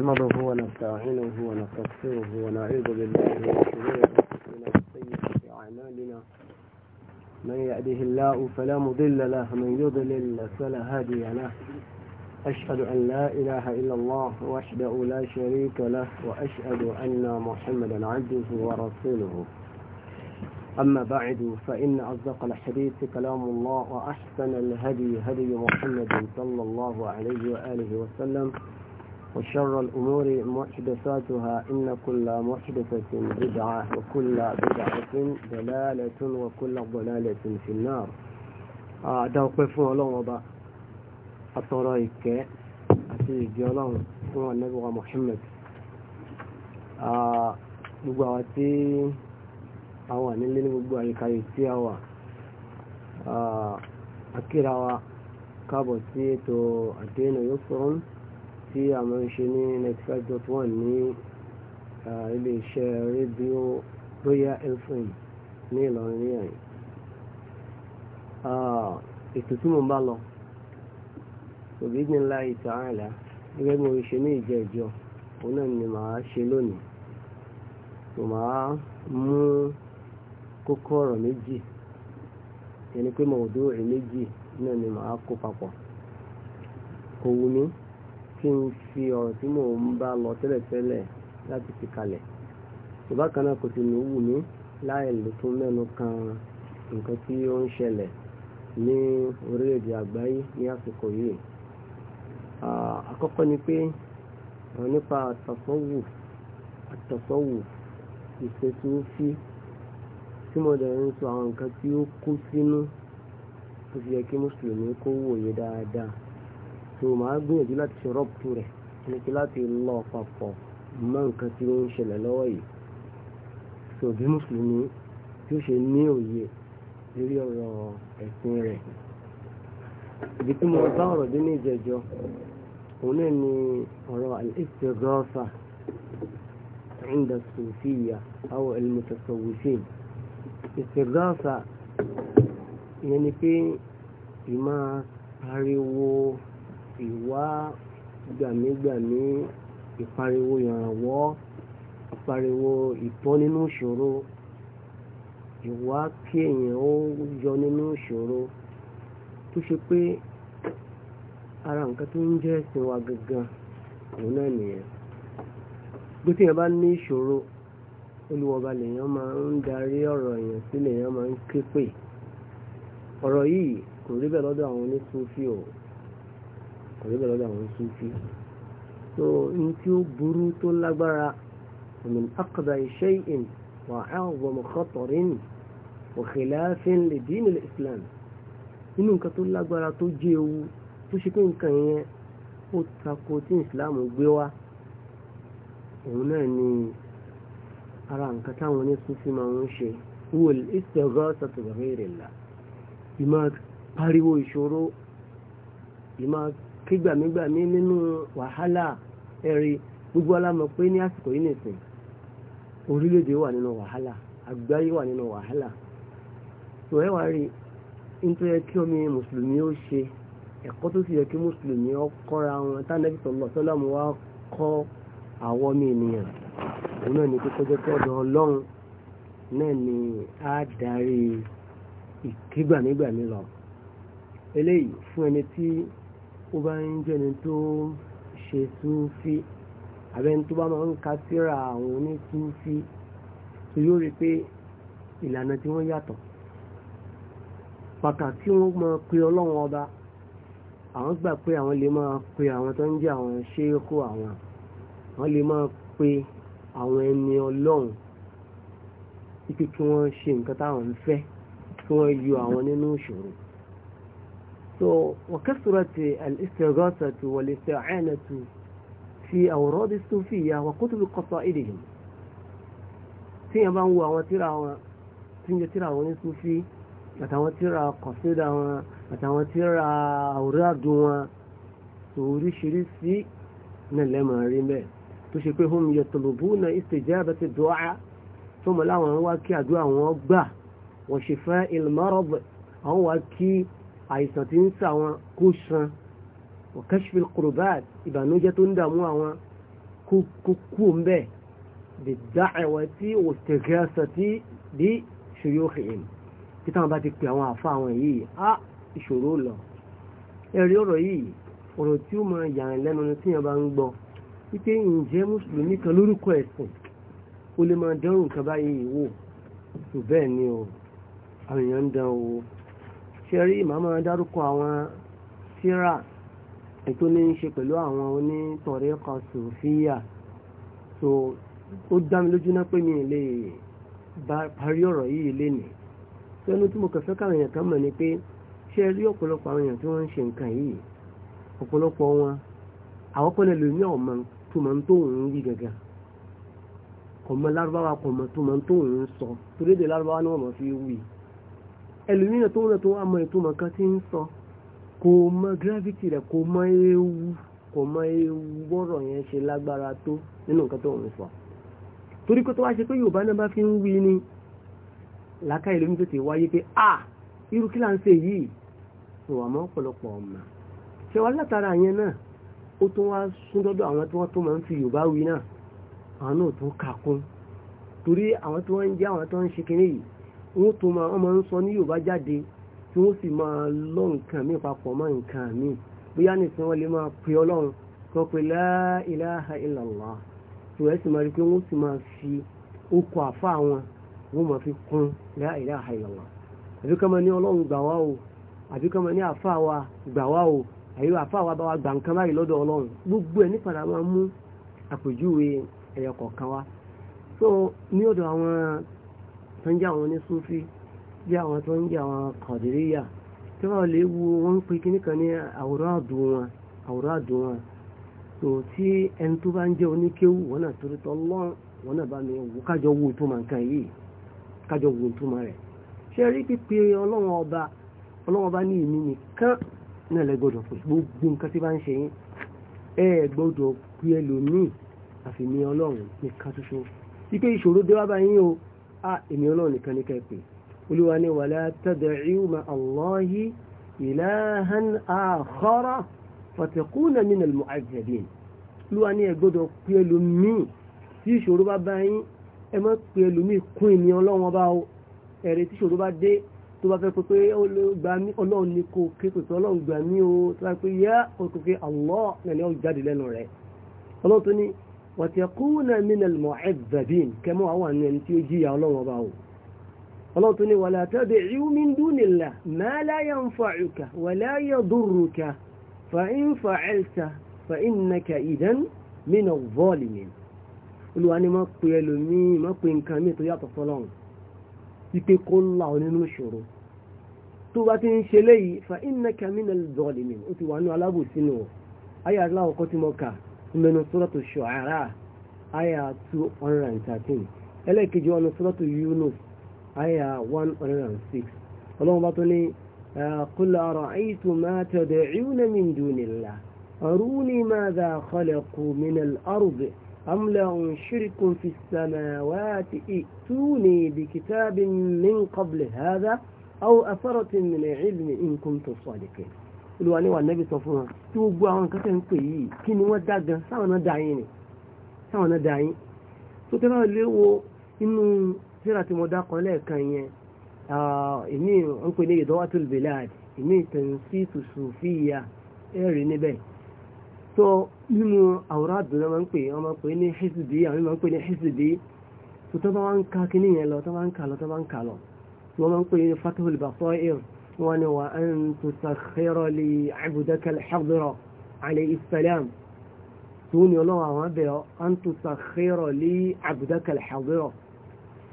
نحمده ونستعينه ونستغفره ونعوذ بالله من شرور انفسنا وسيئات اعمالنا من يهده الله فلا مضل له ومن يضلل فلا هادي له أشهد أن لا إله إلا الله وحده لا شريك له وأشهد أن محمدا عبده ورسوله أما بعد فإن أصدق الحديث كلام الله وأحسن الهدي هدي محمد صلى الله عليه وآله وسلم وشر الأمور محدثاتها إن كل محدثة بدعة وكل بدعة ضلالة وكل ضلالة في النار أعداء قفوا الله وضع أطرائك أتيك الله هو النبي محمد نبواتي أوان اللي نبوا الكايتي أوان أكيد كابوتي تو أدين يسرون tí a máa ń ṣe ní ninety five dot one ní ilé iṣẹ́ rédíò Royal FM ní Ìlọrin ní ẹ̀yìn ètò tí mo ń bá lọ òbí ní ńlá ìtàn àìlá gẹ́gẹ́ bí mo ṣe ní ìjẹ́ ìjọ òun náà ni màá ṣe lónìí mo máa mú kókó ọ̀rọ̀ méjì yẹn ni pé mo ò dúró rẹ̀ méjì náà ni màá kó papọ̀ kò wù kí n fi ọ̀rọ̀ tí mò ń bá lọ tẹ́lẹ̀tẹ́lẹ̀ láti fi kalẹ̀ ṣùgbọ́n kan náà kò sì ní wù mí láì lè tún mẹ́nu kan nǹkan tí ó ń ṣẹlẹ̀ ní orílẹ̀-èdè àgbáyé ní àsìkò yìí àkọ́kọ́ ni pé ọ̀rọ̀ nípa àtọ̀fọ́wù àtọ̀fọ́wù ìṣètúnfí tí mo dẹ̀ ń sọ àwọn nǹkan tí ó kú sínú tó fi yẹ kí mùsùlùmí kó wòye dáadáa tó máa gbìyànjú láti ṣe rọ́pù rẹ̀ ní kí láti lọ papọ̀ mọ́ nǹkan tí ó ń ṣẹlẹ̀ lọ́wọ́ yìí tó bí mùsùlùmí tí ó ṣe ní òye lórí ọ̀rọ̀ ẹ̀sìn rẹ̀ ibi tí mo bá ọ̀rọ̀ dé ní ìjẹjọ́ òun náà ni ọ̀rọ̀ al-istighatha inda sufiyya aw al ìyẹn ni pé ìmáa pariwo ìwá gbàmígbàmí ìpariwo ìrànwọ́ ìpariwo ìtọ́ nínú ìṣòro ìwá kí èèyàn ó yọ nínú ìṣòro tó ṣe pé ara nǹkan tó ń jẹ́ ẹ̀sìn wa gangan òun náà nìyẹn bí tí bá ní ìṣòro olùwọ̀ba lèèyàn máa ń darí ọ̀rọ̀ èèyàn sí lèèyàn ń ké pè yìí kò rí lọ́dọ̀ àwọn o àbíbẹ̀ lọ́dọ̀ àwọn Sufi so ní tí ó burú tó lágbára min aqba shay'in wa a'zama khatarin wa khilafin li din al-Islam nínú nǹkan tó lágbára tó jẹ́ ewu tó ṣe pé nǹkan yẹn ó tako tí ìsìláàmù gbé wá òun náà ni ara nǹkan táwọn oníṣúfì máa ń ṣe wò ìṣègọ́sọ tó bẹ̀rẹ̀ rẹ̀ ìmọ̀ pariwo ìṣòro ìmọ̀ kí gbàmígbàmí nínú wàhálà ẹ̀rí gbogbo alámọ̀ pé ní àsìkò yìí nìsín orílẹ̀-èdè wà nínú wàhálà àgbáyé wà nínú wàhálà tó ẹ wá rí nítorí ẹ kí omi mùsùlùmí ó ṣe ẹ̀kọ́ tó sì yẹ kí mùsùlùmí ó kọ́ra wọn tánẹ́bí sọ̀lọ́ sọ́lámù wa kọ́ àwọn ọmọ ènìyàn òun náà ní kókó jẹ́ pé ọ̀dọ̀ ọlọ́run náà ni á darí ìkígbàmígbàmí lọ eléyìí fún ẹni tí ó bá ń jẹ́ni tó ṣe súfí àbẹ́ni tó bá máa ń ka síra àwọn onísúfí tó yóò rí pé ìlànà tí wọ́n yàtọ̀ pàtàkì wọ́n máa pe ọlọ́run ọba àwọn gbà pé àwọn lè máa pe àwọn tó ń jẹ́ àwọn ṣéékò àwọn àwọn lè máa pe àwọn ẹni ọlọ́run ipe kí wọ́n ṣe nǹkan táwọn ń fẹ́ kí wọ́n yọ àwọn nínú ìṣòro so وكثرت الاستغاثة والاستعانة في أوراد الصوفية وكتب قصائدهم tí ẹ bá ń wo àwọn tíra wọn tí ń jẹ tíra wọn ní sufi àtàwọn tíra kọsídà wọn àtàwọn tíra àwòrán wọn tó oríṣiríṣi náà lẹ́mọ̀ rí mẹ́ tó ṣe pé hum yatlubuna istijabati du'a tó mọ̀ láwọn wá kí àdúrà wọn gbà wa shifa al marad àwọn wá kí àìsàn tí ń sa wọn kó san ọ̀kẹ́ṣfil kùrùbáàd ìbànújẹ́ tó ń dààmú àwọn kó kú ń bẹ́ẹ̀ bìdáẹ̀wẹ̀ tí òtẹ̀gẹ́sọ̀ tí bí ṣòyó hìn tí táwọn bá ti pè àwọn àfa àwọn yìí á ìṣòro lọ ẹ̀rí ọ̀rọ̀ yìí ọ̀rọ̀ tí ó máa yà ń lẹ́nu tí yẹn bá ń gbọ́ wípé ǹjẹ́ mùsùlùmí kan lórúkọ ẹ̀sìn ó lè máa dẹ́rù nǹkan báyìí wò tó bẹ́ẹ̀ ni o àwọn èèyàn ń dán o ṣẹ́rí ìmàmà dárúkọ àwọn síra ètò ní í ṣe pẹ̀lú àwọn onítọ̀rẹ́ kan sòfíà so ó dá mi lójú náà pé mi lè parí ọ̀rọ̀ yìí lénìí tó ẹnu tí mo kẹfẹ́ káwọn èèyàn kan mọ̀ ni pé ṣé rí ọ̀pọ̀lọpọ̀ àwọn èèyàn tí wọ́n ń ṣe nǹkan yìí ọ̀pọ̀lọpọ̀ wọn àwọn pẹ̀lẹ́ lómi ọ̀mọ tó máa ń tó òun wí gàgà kò mọ lárúbáwá kò tó máa ń tó òun sọ torí èdè lárúbáwá ni wọ́n mọ̀ fi wí ẹlòmíràn tó wọ́n tó wá mọ ìtumọ̀ kan tí ń sọ kò mọ gravity rẹ̀ kò mọ ewu kò mọ ewu bọ́rọ̀ yẹn ṣe lágbára tó nínú nǹkan tó wọ́n sọ torí pé tó wá ṣe pé yorùbá náà bá fi ń wí ni làákà ẹlòmíràn tó wáyé pé a irú kí là ń ṣe yìí ìwà mọ́ ọ̀pọ̀lọpọ̀ ọ̀mà ṣe wá látara yẹn náà ó tún wá sún dọ́dọ̀ àwọn tí wọ́n tó máa ń fi yorùbá wí náà àwọn náà tún kà kún torí àwọn tí wọ́n ń jẹ́ àwọn tó ń ṣe kinní yìí wọ́n tó máa wọ́n máa ń sọ ní Yorùbá jáde tí wọ́n sì máa lọ nǹkan míì papọ̀ mọ́ nǹkan míì bóyá nìkan wọ́n lè máa pè ọlọ́run kí wọ́n pè la ilaha illallah tí wọ́n sì máa rí pé wọ́n sì máa fi okò àfa wọn wọ́n máa fi kún la ilaha illallah àbí kọ́ máa ní ọlọ́run gbà wá o àbí kọ́ máa ní àfa wa gbà wá o àbí àfa wa bá wa gbà nǹkan báyìí lọ́dọ̀ ọlọ́run gbogbo ẹ̀ nípa làwọn mú àpèjúwe ẹ̀yọkọ̀ọ̀kan wa so ní ọ̀dọ̀ àwọn tó ń jẹ́ àwọn onísúfí bí àwọn tó ń jẹ́ àwọn kọ̀dìríyà tí wọ́n lè wu wọ́n ń pe kíní kan ní àwòrán àdùn wọn àwòrán àdùn wọn tó tí ẹni tó bá ń jẹ́ oníkéwù wọn náà torí tọ́ lọ́n wọn náà bá mi wù kájọ wo ìtumọ̀ nǹkan yìí kájọ wo ìtumọ̀ rẹ̀ ṣé rí pípe ọlọ́run ọba ọlọ́run ọba ní ìmí nìkan náà lẹ gbọ́dọ̀ pé gbogbo nǹkan tí bá ń ṣe yín ẹ gbọ́dọ̀ pé ẹlòmíì àfi ọlọ́run nìkan ṣoṣo wípé ìṣòro dé wá báyìí o á èmi ọlọ́run nìkan ní kẹ́pẹ́ olúwa ni wàlá tad'u ma Allahi ilahan akhara fatakuna minal mu'azzabin olúwa ni ẹ gbọ́dọ̀ pé ẹlòmíì tí ìṣòro bá bá yín ẹ má pé ẹlòmíì kún èmi ọlọ́run ọba o ẹ̀rẹ̀ tí ìṣòro bá dé tó bá fẹ́ pé pé kò ké وتكون من المعذبين كما هو أن تيجي الله وباو الله تني ولا تدعوا من دون الله ما لا ينفعك ولا يضرك فإن فعلت فإنك إذا من الظالمين قلوا أنا ما قيل مي ما قين كامي تيا تصلون يتقول الله ننو شرو توباتين شلي فإنك من الظالمين أتوانو على أبو سنو أي الله قتمك من سورة الشعراء، آية 213 ẹlẹ́ẹ̀kejì wọn sọ́rọ̀tù Yunus àyà 106 ọlọ́run bá قل أرأيتم ما تدعون من دون الله أروني ماذا خلقوا من الأرض أم لهم شرك في السماوات ائتوني بكتاب من قبل هذا أو أثرة من علم إن كنتم صادقين olúwa ní wà nẹ́bí sọ fún wọn tí gbogbo àwọn nǹkan tẹ̀ ń pè yìí kí ni wọ́n dá gan sáwọn náà dá yín ni sáwọn náà dá yín tó tẹ́ báwọn inú kan lẹ́ẹ̀kan yẹn èmi ń pè ní Idawatul Bilad èmi tẹ̀sí Sufiya ẹ̀rí níbẹ̀ tó nínú àwòrán àdùnnà máa ń pè ọmọ pè ní hizbi àwọn máa ń pè ní hizbi tó tọ́ bá wá ka yẹn lọ bá ń kà lọ bá ń kà lọ wọ́n máa ń pè ní وانا وان تسخر لي عبدك الحضر عليه السلام توني الله ما ان تسخر لي عبدك الحضر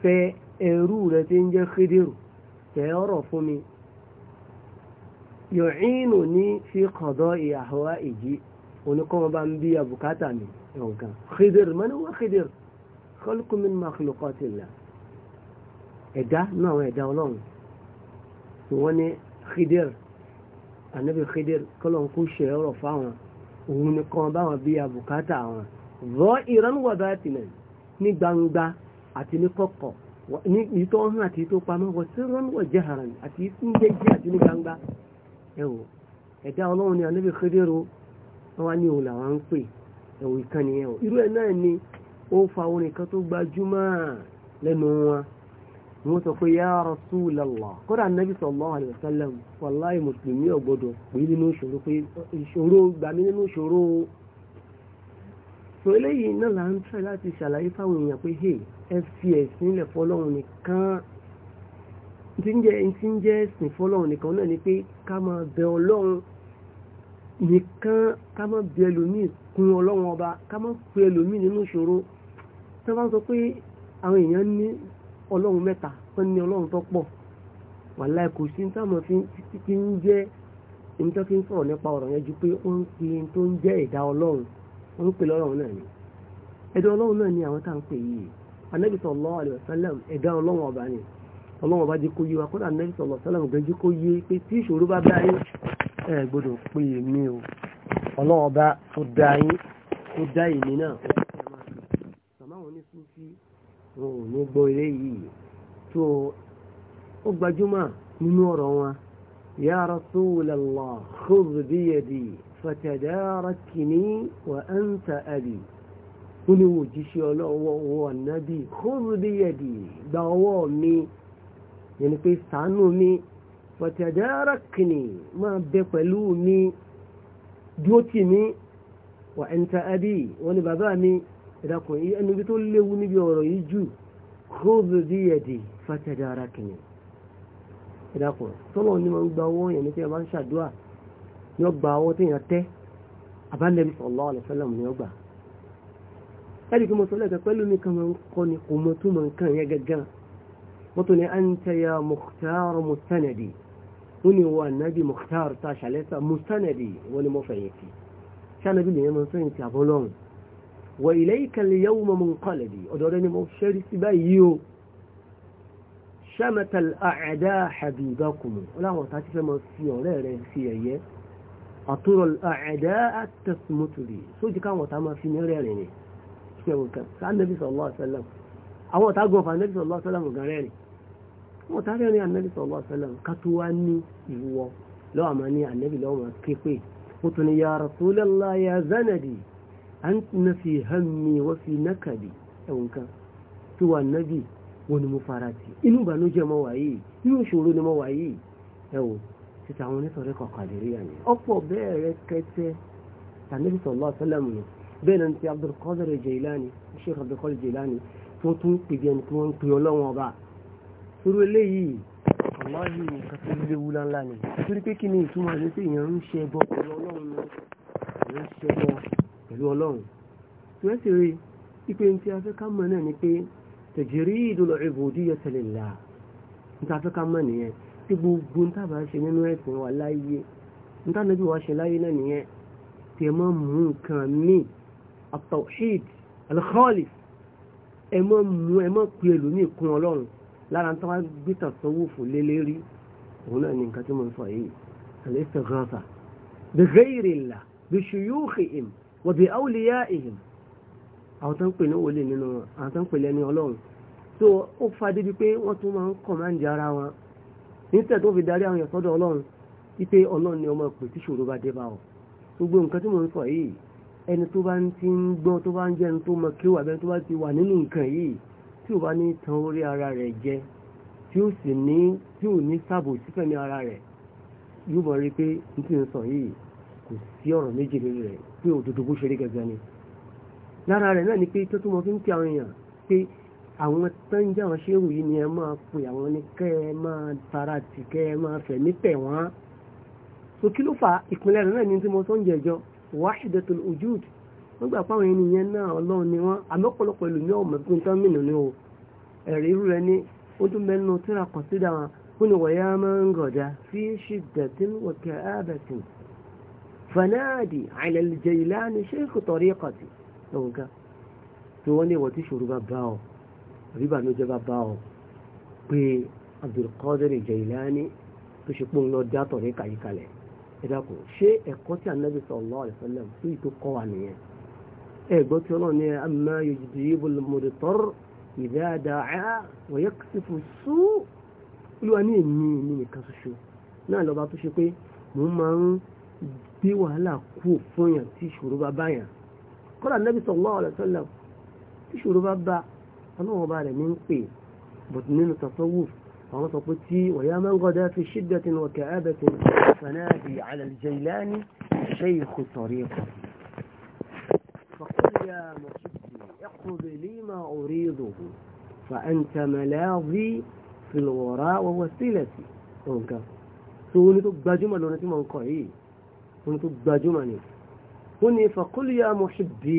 فارو لتنجا خدر فيرى فمي يعينني في قضاء اهوائي ونقوم بانبيا بكاتامي خدر من هو خدر خلق من مخلوقات الله ẹ̀dá náà àwọn ẹ̀dá tó wọ́n ní khidir anabi khidir kọ́lọ̀ ń kó ṣe ọ̀rọ̀ fáwọn òun nìkan báwọn bí abùkátà wọn rọ ìran wà bá tìmẹ̀ ní gbangba àti ní kọ̀kọ̀ ní ìtọ́ hàn àti ìtọ́ pamọ́ wọ́n sí rán wọ̀ jẹ́hàrán àti ìtúndéjì àti ní gbangba ẹ wò ẹ̀dá ọlọ́run ni anabi khidir wọn ní òun làwọn ń pè ẹ̀wò ìkànnì ẹ̀ irú ẹ̀ náà ni ó fa orin kan tó gbajúmọ̀ lẹ́nu wọn wọ́n sọ pé ya Rasulallah kódà nabi sallallahu alayhi wa sallam wàláì mùsùlùmí ọ̀gbọ́dọ̀ pé nínú ìṣòro pé ìṣòro gbàmí nínú ìṣòro so eléyìí náà là ń tẹ̀ láti ṣàlàyé fáwọn èèyàn pé hey ẹ fi ẹ̀sìn ilẹ̀ fọlọ́run nìkan tí ń jẹ́ tí ń jẹ́ ẹ̀sìn fọlọ́run nìkan náà ni pé ká máa bẹ ọlọ́run nìkan ká máa bẹ ẹlòmíì kún ọlọ́run ọba ká máa pe ẹlòmíì nínú ìṣòro tí wọ́n bá sọ pé àwọn èèyàn ní ọlọ́run mẹ́ta wọ́n ní ọlọ́run tó pọ̀ wàláì kò sí táwọn fi ti ń jẹ́ ẹni tó fi ń sọ̀rọ̀ nípa ọ̀rọ̀ yẹn ju pé ó ń pe tó ń jẹ́ ẹ̀dá ọlọ́run ó ń pè lọ́rọ̀ náà ni ẹ̀dá ọlọ́run náà ni àwọn tá à ń pè yìí anabi sallallahu alaihi wasallam ẹ̀dá ọlọ́run ọba ni ọlọ́run ọba jẹ́ kó yé wa kódà anabi sallallahu alaihi wasallam gan jẹ́ kó yé pé tí ìṣòro bá bá yín ẹ gbọ́dọ̀ pé èmi o ọlọ́run ọba tó dá yín tó dá èmi náà gbọ́ ilé yìí tó ó gbajúmọ̀ nínú ọ̀rọ̀ wọn ya rasulallah khudh biyadi fatadarakini wa anta abi ó ní wò jíṣẹ́ ọlọ́wọ́ wọ nábì khudh biyadi gba ọwọ́ mi yẹni pé ṣàánú mi fatadarakini máa bẹ pẹ̀lú mi dúró tì mí wa anta abi wọ́n ní bàbá mi ìdàkùn ẹnu tó léwu níbi ọ̀rọ̀ yìí jù khudh biyadi fatadarakni ìdàpọ̀ tọ́lọ̀ ní wọ́n gba owó yẹn ní tí wọ́n bá ń ṣàdúrà ní ọgbà owó tí yẹn tẹ́ àbálẹ́bí sallallahu alaihi wasallam ní ọgbà ẹ̀rí kí mo sọ lẹ́ẹ̀kẹ́ pẹ́lú ní kan máa ń kọ́ ni kò mọ tó máa ń kàn yẹn gẹ́gẹ́ wọ́n tó ní anta ya mukhtar mustanadi wọ́n ní wọ́n ànábì mukhtar tá a ṣàlẹ́sà mustanadi wọ́n ní mo fẹ̀yìntì wa ilayka al-yawma munqalabi ọ̀dọ̀ rẹ ni mo ṣẹ́rí sí báyìí o ṣamata al-a'da habibakum ọláwọ̀ tá ti fẹ́ mọ sí ọ̀rẹ́ rẹ sí ẹ̀yẹ àtúrọ̀ al-a'da at-tasmutuli sójú káwọn ọ̀tá máa fi ní rẹ́rìn ni ṣe wọ́n kan sáà nẹ́bí sallallahu alaihi wasallam àwọn ọ̀tá gọ̀ọ̀fà nẹ́bí sallallahu alaihi wasallam gan rẹ́rìn wọ́n tàbí ẹni ànẹ́bì sọ̀rọ̀ ọ̀sẹ̀lẹ̀m ká tó wá ní ìwọ lọ́wọ́ àmà ní ànẹ́bì lọ́wọ́ képe ó tún ni ya Rasulullah ya zanadi an na fi hammi wa fi nakabi ẹ̀wọ̀n kan tí wà nábì wọn ni mo fara ti inú ìbànújẹ́ mọ́ wáyé inú ìṣòro ni mọ́ wáyé ẹ̀wọ̀n títa àwọn onítọ̀rẹ́ kọ̀kàdìrí àná ọ̀pọ̀ bẹ́ẹ̀ rẹ kẹtẹ tànẹ́bí sọ̀lọ́ sẹ́lẹ̀mù ni bẹ́ẹ̀ náà ti Abdulkadir Jailani Sheikh Abdulkadir Jailani tí wọ́n tún pè bí ẹni tí wọ́n ń pè ọlọ́wọ́n ọba sórí eléyìí aláàbí nǹkan tó léwu ni torí pé kí ni ìtumọ̀ ìrẹsì èèyàn ń ṣe ẹbọ ọlọ́run náà ń ṣe ẹbọ pẹ̀lú ọlọ́run tí wọ́n sì rí ipe tí a fẹ́ ká mọ̀ náà ni pé tajridul ubudiyyati lillah níta fẹ́ ká mọ̀ nìyẹn tí gbogbo níta bá ṣe nínú ẹ̀sìn wa láyé níta níbi wa ṣe láyé náà nìyẹn tí ẹ mọ́ mú nǹkan mí at-tawhid al-khalis ẹ mọ́ mú ẹ mọ́ pe ẹlòmíì kún ọlọ́run lára tó wá gbé tasawufu lélẹ́rí òun náà ni nǹkan tí mo ń sọ yìí al wa bi awliyaihim àwọn tó ń pè ní wòlíì nínú àwọn tó ń pè lẹ́ni ọlọ́run tó ó fadé bíi pé wọ́n tún máa ń kọ̀máǹdì ara wọn níta tó fi darí àwọn èèyàn sọ́dọ̀ ọlọ́run wípé ọlọ́run ni ọmọ pè tí ṣòro bá dé bá ọ gbogbo nǹkan tí mo ń sọ yìí ẹni tó bá ń ti ń gbọ́ tó bá ń jẹ́ ẹni tó mọ kí wà bẹ́ẹ̀ tó bá ti wà nínú nǹkan yìí tí ò bá ní tan orí ara rẹ̀ jẹ tí ó sì ní tí ò ní sábò sífẹ̀mí ara rẹ̀ yóò mọ̀ rí pé n ti ń sọ yìí kò sí ọ̀rọ̀ méjì nínú rẹ̀ pé òdodo bó ṣe rí gẹ́gẹ́ ni lára rẹ̀ náà ni pé tó tún mọ fi ń pè àwọn èèyàn pé àwọn tó ń jẹ́ àwọn ṣéwù yìí ni ẹ máa pè àwọn ní kẹ́ ẹ máa fara tì kẹ́ ẹ máa fẹ̀mí tẹ̀ wọ́n so kí ló fa ìpínlẹ̀ rẹ̀ náà ni tí mo sọ ń jẹjọ wahidatul wujud wọ́n gbà pé àwọn ènìyàn náà ọlọ́run ni wọ́n àmọ́ ọ̀pọ̀lọpọ̀ ìlú ní ọmọ ẹgbẹ́ tó ń mìnà ni o ẹ̀rí irú rẹ ní ó tún mẹ́nu tíra kọ̀sídà wọn ó ní wọ̀nyá máa ń gọ̀dá fi shiddatin wa fanadi ala al-Jailani sheikh tariqati lọ́wọ́n ká tí wọ́n ní ìwọ̀n tí ṣòro bá bá ọ àbí ìbànújẹ́ bá bá ọ pé Abdul Qadir Jailani tó ṣe pé òun lọ dá tọ̀ríkà yìí kalẹ̀ ẹ dákun ṣé ẹ̀kọ́ tí Ànábì sallallahu alaihi wasallam tó yìí tó kọ́ wa nìyẹn ẹ gbọ́ tí Ọlọ́run ní amma yujibul mudtar idha gbé wàhálà kú fún yàn tí ṣòro bá bá yàn kọ́lá nẹ́bí sallallahu alaihi wasallam tí ṣòro bá bá ọlọ́wọ́n bá rẹ̀ ní ń pè bùt nínú wù àwọn sọ pé tí wàyá máa ń gọ́dá fi shiddatin wa ka'abatin fanadi ala al-Jailani shaykhu tariqa فقل يا محبي اقض لي ما أريده فأنت ملاذي في الوراء ووسيلتي òǹkà tó ní tó gbajúmọ̀ lọ́nà tí mo ń kọ̀ yìí ohun tó gbajúmọ̀ ni wọ́n ní fàkúlìyà mọ̀ṣíbì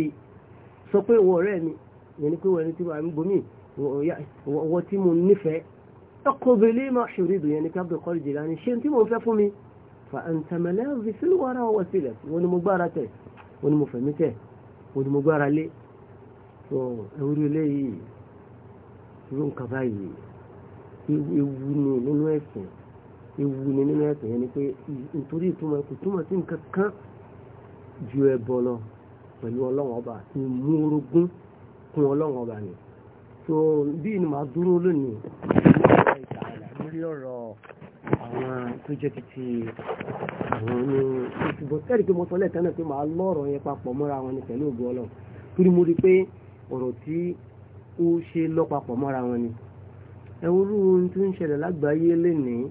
sọ pé wọ́n rẹ̀ mi yẹn ni pé wọ́n ẹni tí wọ́n bomi wọ́n tí mo nífẹ̀ẹ́ ọkọ̀bẹ̀lẹ̀ máa ṣòrídù yẹn ni ká bẹ̀ kọ́lì jìlá tí mo fẹ́ fún mi fa àǹtàmẹ́lẹ́ rìfìlì wàrà sílẹ̀ wọ́n ni mo gbára tẹ̀ wọ́n ni mo fẹ̀mí tẹ̀ wọ́n ni mo gbára lé tó ewu ni nínú ẹ̀sìn yẹn ni pé nítorí ìtumọ̀ kò túmọ̀ sí nǹkan kan ju ẹbọ lọ pẹ̀lú ọlọ́run ọba ìmú orogún kún ọlọ́run ọba ni so bí ni màá dúró lónìí lórí ọ̀rọ̀ àwọn tó jẹ́ títí àwọn ní ìtùbọ̀ sẹ́ẹ̀rì pé mo sọ lẹ́ẹ̀kan náà pé màá lọ́ọ̀rọ̀ yẹn papọ̀ mọ́ra wọn ni pẹ̀lú ògùn ọlọ́run torí mo rí i pé ọ̀rọ̀ tí ó ṣe lọ́pàpọ̀ mọ́ra wọn ni ẹ̀wọ̀n ohun tó ń ṣẹlẹ̀ lágbàáyé lénìí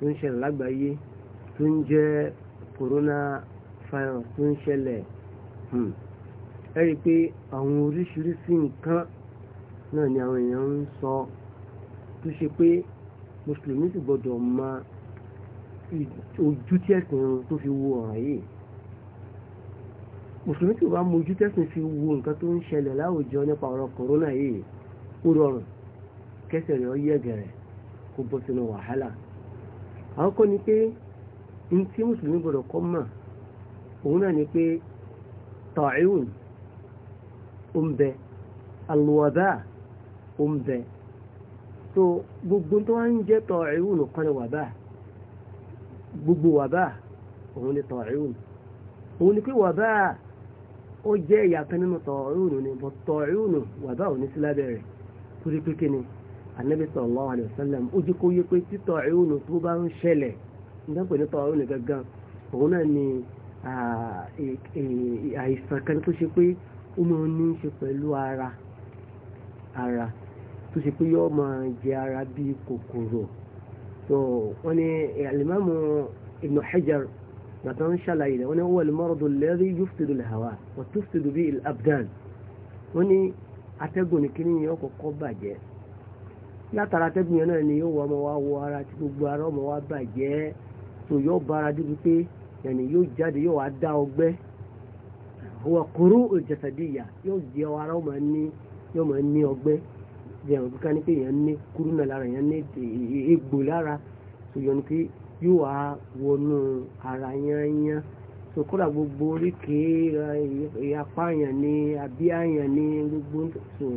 tó ń ṣẹlẹ̀ lágbàáyé tó ń jẹ́ corona virus tó ń ṣẹlẹ̀ hmm. ẹ rí i pé àwọn oríṣiríṣi nǹkan náà ni àwọn èèyàn ń sọ tó ṣe pé mùsùlùmí sì gbọdọ̀ mọ ojú tí ẹ̀sìn tó fi wo ọ̀ràn yìí mùsùlùmí tí ò bá mojú tẹ́sìn fi wo nǹkan tó ń ṣẹlẹ̀ láwùjọ nípa ọ̀rọ̀ kòrónà yìí ó rọrùn kẹsẹ̀ rẹ̀ ó yẹ̀gẹ̀rẹ̀ kó bọ́ sínú wàhálà àwọn kọ́ ni pé ní tí mùsùlùmí gbọ́dọ̀ kọ́ mà òun náà ni pé tààríùn ó ń bẹ alùwàdà ó ń bẹ so gbogbo tó wá ń jẹ́ tààríùn kan ní wàdà gbogbo wàdà òun ni tààríùn òun ni pé wàdà ó jẹ́ ìyàtọ̀ nínú tààríùn ni bọ̀ tààríùn wàdà ò ní sí rẹ̀ torí pé kí ni anabi sallallahu alayhi wa sallam ó jẹ́ kó yẹ pé títọ̀ ìhùn tó bá ń ṣẹlẹ̀ nígbà pé nítọ̀ ìhùn gangan òun náà ni àìsàn kan tó ṣe pé ó máa ń ní í ṣe pẹ̀lú ara ara tó ṣe pé yóò máa jẹ ara bíi kòkòrò tó wọ́n ní alimami ibn hajar bàtà ń ṣàlàyé rẹ̀ wọ́n ní huwa al-maradu alladhi yufsidu al-hawa wa tufsidu bihi al-abdan wọ́n atẹ́gùn ní kíní yẹn kọ́kọ́ bàjẹ́ látara tẹ́gùn yẹn náà ni yóò wọ ọmọ wa wọ ara tí gbogbo ara ọmọ wa bàjẹ́ tó yọ bara débi pé yẹnì yóò jáde yóò wá dá ọgbẹ́ wọ kúrú ìjẹsàdíyà yóò jẹ ara ọmọ ní yóò máa ní ọgbẹ́ jẹun kíkà ní pé yẹn ní kúrú náà lára yẹn ní egbò lára tó yọ ní pé yóò wá wọnú ara yányán tó kódà gbogbo oríkèé eh, apá yẹn ní abíyá yẹn ní gbogbo tó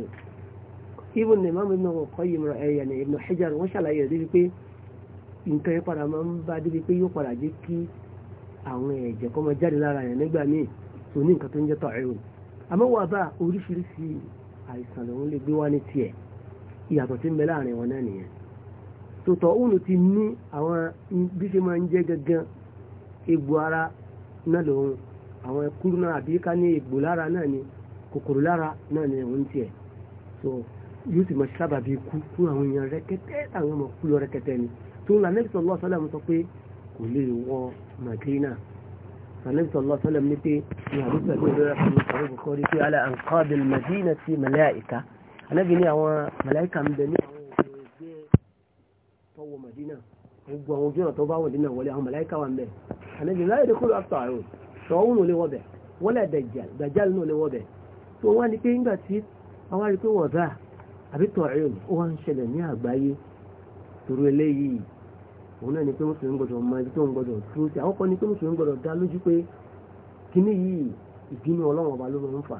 even ní Imam Ibn Qayyim ẹ̀yẹ̀nì eh, Ibn Hajar wọ́n ṣàlàyé rẹ̀ débi pé nǹkan yẹn padà máa ń bá débi pé yóò padà jẹ́ kí àwọn ẹ̀jẹ̀ kọ́ máa jáde lára yẹn nígbà míì tó ní nǹkan tó ń jẹ́ tọ̀ ẹ̀rù àmọ́ wà bá oríṣiríṣi àìsàn lòun lè gbé wá ní tiẹ̀ ìyàtọ̀ tí ń bẹ láàrin wọn náà nìyẹn tòtọ̀ òun ti ní àwọn bí ṣe máa ń jẹ́ gangan egbò ara náà lòun àwọn ẹkúrú náà àbí ká ní egbò lára náà ni kòkòrò lára náà ni òun tiẹ̀ so yóò sì mọ sábàbí ikú fún àwọn èèyàn rẹkẹtẹ àwọn ọmọ kú lọ rẹkẹtẹ ni tó ń la nẹ́bí sallallahu alaihi wasallam sọ pé kò lè wọ Madina nẹ́bí sallallahu alaihi wasallam ní pé ní àdúgbò ẹgbẹ́ fún ìṣòro madinati malaika anábì ní àwọn màláìka ń bẹ ní àwọn òkè ẹgbẹ́ tọwọ́ Madina gbogbo àwọn ojú ọ̀nà tó bá wọlé náà wọlé àwọn màláìka wà ń bẹ anábì láyé dé kúrò àtọ̀ àrùn sọ̀hún wá ní pé ńgbà tí àwọn àrí pé wọ̀dà àbí tọ̀ọ̀rìn ó wá ń ṣẹlẹ̀ ní àgbáyé torí eléyìí òun náà ni pé mùsùlùmí gbọdọ̀ mọ ibi tó ń gbọdọ̀ dúró sí àkọ́kọ́ ni pé mùsùlùmí gbọdọ̀ dá lójú pé kíní yìí ìbínú ọlọ́run ọba ló ń fà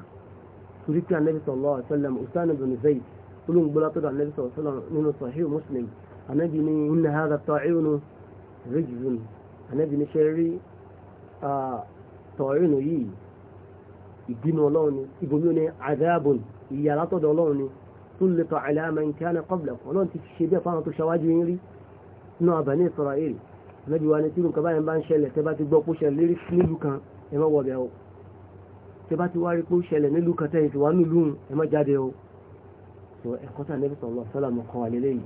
torí pé anabi sallallahu alaihi wasallam usman ibn zayd olóńgbọ́lá tó dà anabi sallallahu alaihi wasallam nínú sahih muslim anabi ni inna hadha ta'inu rijzun anabi ni ṣe rí ta'inu yìí ìbínú ọlọ́run ni ibòmí ni adabun ìyà látọ̀dọ̀ سلط على من كان قبلك ولو انت الشبيه فانا تشواجه يري نوع بني إسرائيل نبي وانا تيرون كباين بان شلة تباتي بوكو شلة نيلو كان اما وابعو تباتي واريكو شلة نيلو كتاين وانو لون اما جادهو sọ ẹ̀kọ́ tà nẹ́bí sọ̀rọ̀ sọ́là mọ̀ kan wà lélẹ̀ yìí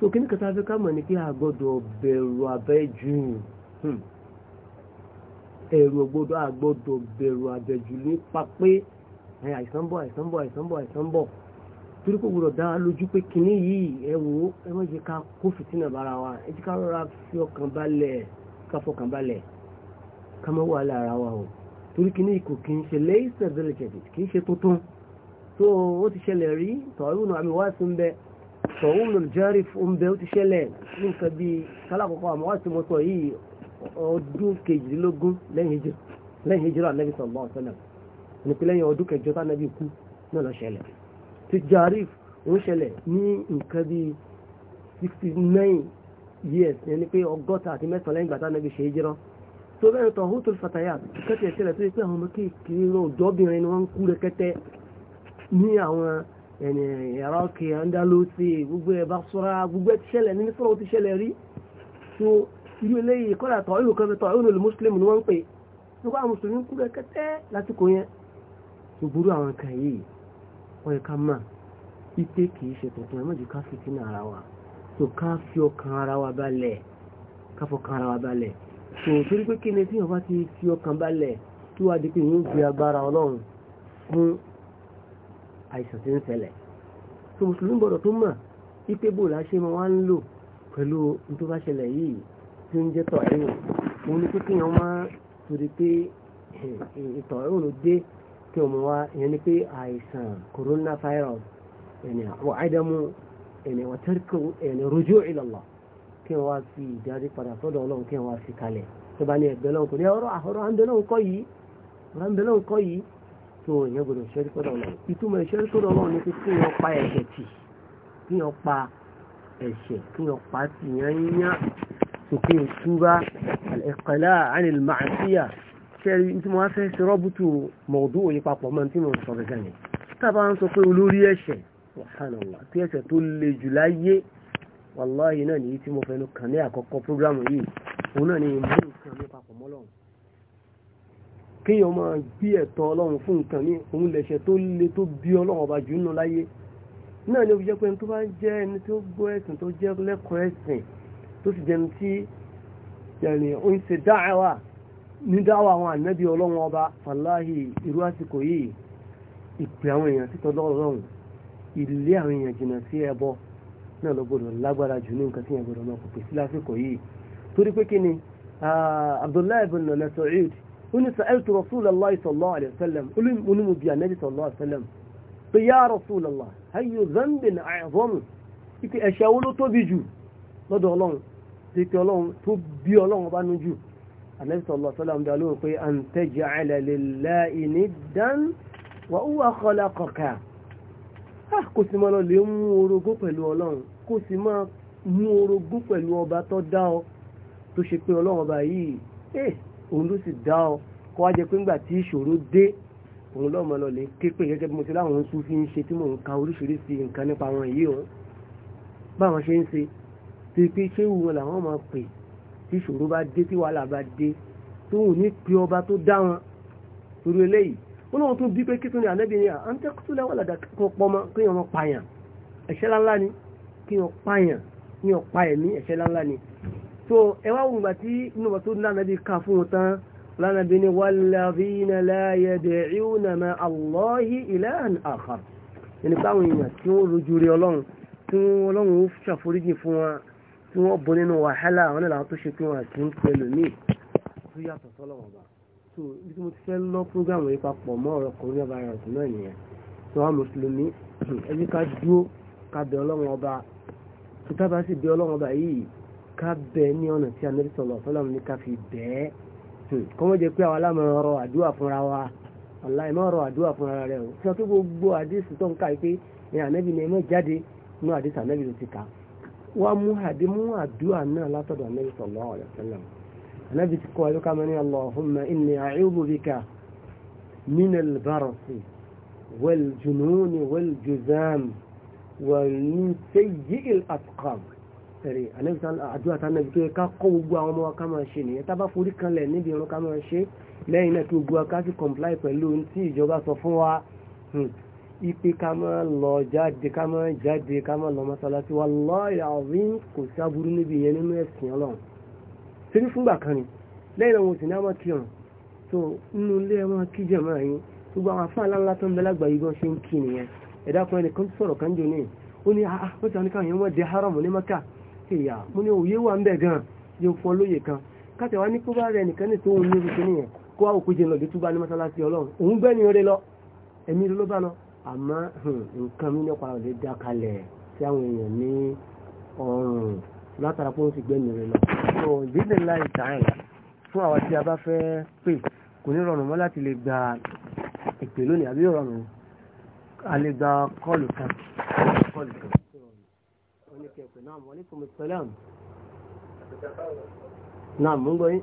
tó kí ní kẹta fi ká mọ̀ ní kí a gbọ́dọ̀ bẹ̀rù ẹ̀rù ògbódò a bẹ̀rù abẹ́jù nípa pé àìsàn bọ̀ àìsàn bọ̀ àìsàn torí kò gbọdọ̀ dá lójú pé kinní yìí ẹ wò ó ẹ má jẹ́ ká kó fìtínà bára wa ẹ jẹ́ ká rọra fi ọkàn balẹ̀ ká fọkàn balẹ̀ ká má wà lára wa o torí kinní yìí kò kì í ṣe lẹ́yìnsẹ̀ bẹ́lẹ̀ jẹ̀dẹ̀ kì í ṣe tuntun tó ó ti ṣẹlẹ̀ rí tọ̀hún àmì wá sí ń bẹ tọ̀hún lòlùjárí ń bẹ ó ti ṣẹlẹ̀ ní nǹkan bíi kálákọ̀ọ́kọ́ àmọ́ wá sí mo sọ yìí ọdún kejìdínlógún lẹ́yìn ìjírà nẹ́bí sọ̀rọ̀ ọ̀sẹ̀ náà nípínlẹ̀ yẹn ọdún kẹjọ tá kú náà lọ Tijarif ń ṣẹlẹ̀ ní nǹkan bíi sixty nine years yẹn ni pé ọgọ́ta àti mẹ́sàn-án lẹ́yìn gbàtà nàbí ṣe é jẹ́rọ́ tó bẹ́ẹ̀ tọ̀ hótó fatayà kẹ́tẹ̀ ṣẹlẹ̀ tó yẹ pé àwọn ọmọ kéèkéé náà ọ̀dọ́bìnrin ni wọ́n ń kú rẹ̀kẹ́tẹ́ ní àwọn Iraki Andalusi gbogbo ẹ̀ Basra gbogbo ẹ̀ ti ṣẹlẹ̀ ní sọ́rọ̀ ti ṣẹlẹ̀ rí tó irú eléyìí kọ́lá tọ̀ ìlú kan tọ̀ ìlú mùsùlùmí ni wọ́n ń pè nígbà mùsùlùmí kú rẹ̀kẹ́tẹ́ lásìkò yẹn gbogbo àwọn kan yìí wọ́n yẹ ká mà ipe kìí ṣe tuntun ẹ̀ mọ̀jú ká fi sínú ara wa tó ká fi ọkàn ara wa balẹ̀ ká fọkàn ara wa balẹ̀ tó torí pé kíni tí yorùbá ti fi ọkàn balẹ̀ tó wá di pé yóò fi agbára ọlọ́run fún àìsàn tí ń ṣẹlẹ̀ tó mùsùlùmí gbọ́dọ̀ tó mọ̀ ipe bò láṣẹ máa wá ń lò pẹ̀lú ní yìí tí ń jẹ́ tọ̀ ẹ̀yìn òun ni pé kíyàn máa torí pé ìtọ̀ ẹ̀yìn ló kí ọmọ wa ìyẹn ni pé àìsàn coronavirus ẹni àwọn àìdàmú ẹni wàtẹ́rìkù ẹni rojú ìlọ́lọ́ kí wọ́n wá fi ìdarí padà sọ́dọ̀ ọlọ́run kí wọ́n wá fi kalẹ̀ tó bá ní ẹgbẹ́ lọ́run kò ní ọ̀rọ̀ àhọ́rọ̀ àǹdẹ́lọ́run kọ́ yìí àǹdẹ́lọ́run kọ́ yìí tó ìyẹn gbọdọ̀ ṣẹ́rí sọ́dọ̀ ọlọ́run ìtumọ̀ ìṣẹ́rí sọ́dọ̀ ọlọ́run ni pé kí wọ́n pa ẹ̀ṣẹ̀ kẹrí tí mo wá fẹ́ ṣe rọ́bùtù mọ̀ọ́dú òye papọ̀ mọ́ tí mo ń sọ gẹ́gẹ́ yẹn tábà ń sọ pé olórí ẹ̀ṣẹ̀ wàhánàlá tí ẹ̀ṣẹ̀ tó le jù láyé wàláyé náà nìyí tí mo fẹ́ kàn ní àkọ́kọ́ prógrámù yìí òun náà ni ìmú nǹkan mi papọ̀ mọ́ lọ́run kéèyàn máa bí ẹ̀tọ́ ọlọ́run fún nǹkan ní òun lẹ̀ṣẹ̀ tó le tó bí ọlọ́run ọba jù nù láyé náà ni ó ní dáwà àwọn ànábì ọlọ́run ọba fàláhì irú àsìkò yìí ìpè àwọn èèyàn sí tọ́lọ́ ọlọ́run ilé àwọn èèyàn jìnnà sí ẹbọ náà ló gbọdọ̀ lágbára jù ní nǹkan tí yẹn gbọdọ̀ náà kò pè sí lásìkò yìí torí pé kí ni abdullahi ibn Mas'ud ó ní sa'altu rasulallah sallallahu alayhi wa sallam ó ní mo bi ànábì sallallahu alayhi wa pé yá rasulallah ayyu zambin a'zamu ìpè ẹ̀ṣẹ̀ wo ló tóbi jù lọ́dọ̀ ọlọ́run tó bí ọlọ́run bá nu jù Ànábì sallallahu alaihi wasallam dá lóhùn pé an taj'ala lillahi niddan wa huwa khalaqaka ah, kò sì máa lọ lè mú orogún pẹ̀lú ọlọ́run kò sì máa mú orogún pẹ̀lú ọba tó dá ọ tó ṣe pé ọlọ́run ọba yìí eh, òun ló sì dá ọ kó wá pé ńgbà tí ìṣòro dé òun lọ́mọ lọ lè ké pé gẹ́gẹ́ bí mo ti láwọn oṣù fi ń ṣe tí mò ń ka oríṣiríṣi nǹkan nípa wọn yìí o báwọn ṣe ń ṣe tí pé ṣéwù wọn làwọn máa pè tí ìṣòro bá dé tí wàhálà bá dé tó wù ní pé ọba tó dá wọn torí eléyìí wọn náà tún bí pé kí tún ní ànábì ni à ń tẹ́kùtù lẹ́wọ̀n làdà kan pọmọ kí wọn pààyàn ẹ̀ṣẹ̀ láńlá ni kí wọn pààyàn kí wọn pa ẹ̀mí ẹ̀ṣẹ̀ láńlá ni so ẹ wá wùgbà tí inú wọn tó ní ànábì ká fún wọn tán lánàbí ni wàlàbínà láyé dẹ̀ẹ́rìúnà máa àlọ́hí ìlànà àkàr ẹni báwọn èèyàn tí wọ́n rojú rí ọlọ́run tí wọ́n ọlọ́run ó ṣàforíjì fún wọn tí wọ́n bọ́ nínú wàhálà àwọn ìlànà tó ṣe pé wọ́n kì í pẹ̀lú ní tó yàtọ̀ sọ́lọ́wọ́n bá so ibi tí mo ti fẹ́ lọ prógámù yìí papọ̀ mọ́ ọ̀rọ̀ corona virus náà nìyẹn tó wá mùsùlùmí ẹbí ká dúró ká bẹ ọlọ́wọ́n ọba tó tábà sì bẹ ọlọ́wọ́n ọba yìí ká bẹ ní ọ̀nà tí anabi sọ̀rọ̀ fọlọ́mù ní ká fi bẹ́ ẹ́ kọ́mọ́ jẹ́ pé àwọn alámọ̀ràn ọ̀rọ̀ àdúrà fúnra wa ọ̀la ìmọ̀ ọ̀rọ̀ àdúrà fúnra rẹ̀ o sọ pé gbogbo àdìsí tó ń ká yìí pé ẹ̀ ànábì ni ẹ mọ̀ jáde inú àdìsí ànábì ló ti kà á wọ́n mú àdé mú àdúrà náà látọ̀dọ̀ Ànábì sallallahu alaihi wasallam Ànábì ti kọ́ ẹlúkà mẹ́rin Allahumma inni a'udhu bika min al-barasi wal-jununi wal-juzam wa min sayyi'il atqam ẹ̀rẹ̀ àdúrà ipe ká máa lọ jáde ká máa jáde ká máa lọ mọ́sálásí wallahi azim kò sí aburú níbi ìyẹn nínú ẹ̀sìn ọlọ́run ṣe ní fúngbà kan ni lẹ́yìn àwọn òsì ní a máa kírun tó nínú ilé ẹ máa kí jẹ̀mọ́ yín gbogbo àwọn afá ńláńlá tó ń bẹ lágbàáyé gan ṣe ń kí nìyẹn ẹ̀dá kan ẹnìkan sọ̀rọ̀ kan jò ní ó ní àpótí ah, ah, àwọn oníkàwé wọn dé haram ní maka ìyá mo ní òye ní kó àmọ́ hmm, nǹkan mi nípa rẹ̀ dá kalẹ̀ sí àwọn èèyàn ní ọrùn látara pé ó sì gbẹ̀mí rẹ̀ lọ. so ìdílé láì tààlà fún àwọn tí a bá fẹ́ pè kò ní rọrùn mọ́ láti lè gba ìpè lónìí àbí rọrùn a lè gba kọ́ọ̀lù kan. kọ́ọ̀lù kan. oníkẹ́kẹ́ náà wọlé fún mi pẹ̀lú àmì. náà mú ń gbọ́ yín.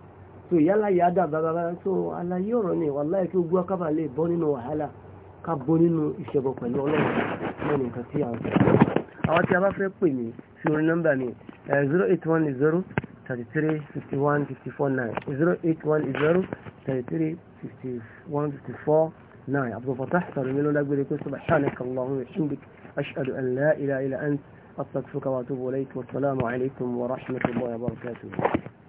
so ìyálà yà dà bàbá so àlàyé ọ̀rọ̀ ni wàláhì kí ogun akábà lè bọ́ nínú wàhálà ká bọ́ nínú ìṣẹ̀bọ̀ pẹ̀lú ọlọ́run náà nìkan tí a ń sọ àwọn tí a bá fẹ́ pè mí sí orí nọ́mbà mi zero eight one zero thirty three fifty one fifty four nine zero eight one zero thirty three fifty one fifty four nine abdulfatah sàlùmí ló dágbére pé subhanaka allahumma wa bihamdik ashhadu an la